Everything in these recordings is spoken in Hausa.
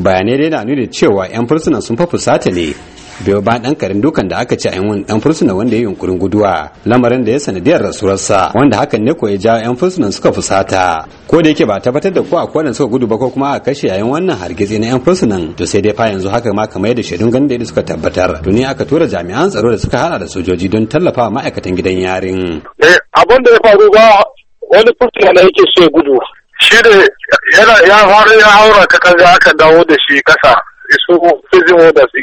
bayanai dai na nuna cewa 'yan fursunan sun fa fusata ne biyo ba dan karin dukan da aka ci a yan dan fursuna wanda ya yi yunkurin guduwa lamarin da ya sanadiyar rasuwarsa wanda hakan ne ko ya ja yan fursunan suka fusata ko da yake ba tabbatar da ko a kwanan suka gudu ba ko kuma a kashe yayin wannan hargitsi na yan fursunan to sai dai fa yanzu haka ma kamar yadda shaidun ganin da suka tabbatar tuni aka tura jami'an tsaro da suka hada da sojoji don tallafa ma'aikatan gidan yarin. eh abin da ya faru ba wani fursuna na yake so ya gudu shi da ya fara ya haura katanga aka dawo da shi kasa su fizimo da su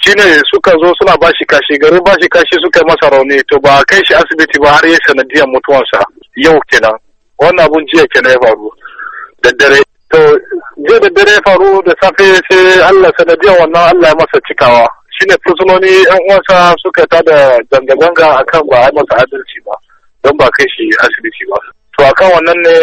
shi ne suka zo suna bashi kashi garin bashi kashi suka masa rauni to ba kai shi asibiti ba har yi sanadiyar mutuwansa yau kenan wannan abun jiya kenan ya faru da dare to jiya da dare ya faru da safe sai allah sanadiyar wannan allah ya masa cikawa shi ne fursunoni yan uwansa suka ta da zanga-zanga akan ba a masa adalci ba don ba kai shi asibiti ba to akan wannan ne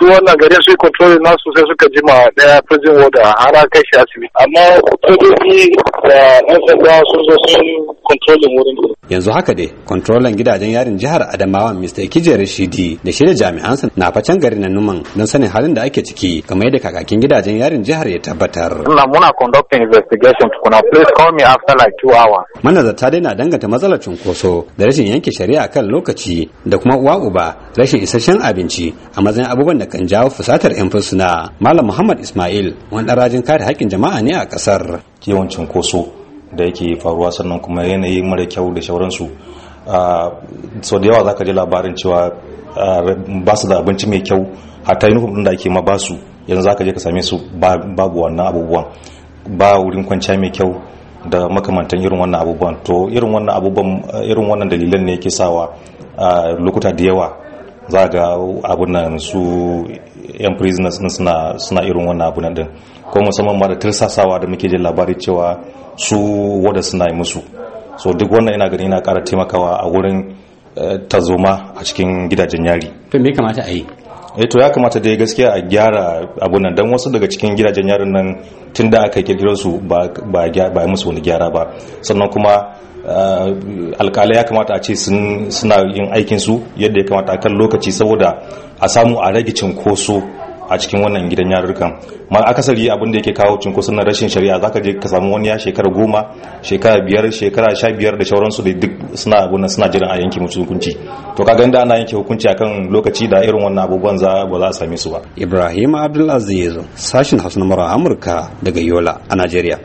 su wannan garin su control nasu sai suka jima daya prison order har an kai shi asibiti amma sojoji da yan sanda sun zo sun controlling wurin yanzu haka dai kontrolan gidajen yarin jihar Adamawa Mr. Ikije Rashidi da shirya jami'ansa na facen garin na Numan don sanin halin da ake ciki kamar yadda kakakin gidajen yarin jihar ya tabbatar muna conducting investigation tukuna please call me after like two hours manazarta dai na danganta matsalar cunkoso da rashin yanke shari'a kan lokaci da kuma uwa uba rashin isasshen abinci a matsayin abubuwan da kan jawo fusatar 'yan fursuna malam muhammad ismail wani rajin kare haƙƙin jama'a ne a ƙasar yawan cunkoso da yake faruwa sannan kuma yanayi mara kyau da shauransu sau da yawa za ka ji labarin cewa ba su da abinci mai kyau hatta yunifom ɗin da ake ma ba su yanzu za ka je ka same su babu wannan abubuwan ba wurin kwanciya mai kyau da makamantan irin wannan abubuwan to irin wannan abubuwan irin wannan dalilan ne yake sawa lokuta da yawa za ga abun nan su yan prisoners din suna suna irin wannan abun nan din ko musamman ma da tirsasawa da muke jin labari cewa su wada suna yi musu so duk wannan ina ganin yana ƙara taimakawa a wurin eh, tazoma a cikin gidajen yari to me kamata a yi eh to ya kamata dai gaskiya a gyara abun nan dan wasu daga cikin gidajen yarin nan tunda aka kirkiro su ba ba ba musu wani gyara ba sannan kuma alkalai ya kamata a ce suna yin aikin su yadda ya kamata a kan lokaci saboda a samu a rage cinkoso a cikin wannan gidan yarurrukan ma akasari abin da yake kawo cinkoson na rashin shari'a zaka je ka samu wani ya shekara goma shekara biyar shekara sha biyar da shauransu da duk suna wannan suna jiran a yanke musu hukunci to ka ganda ana yanke hukunci akan lokaci da irin wannan abubuwan za ba za a same su ba ibrahim abdulaziz sashin hausa na amurka daga yola a najeriya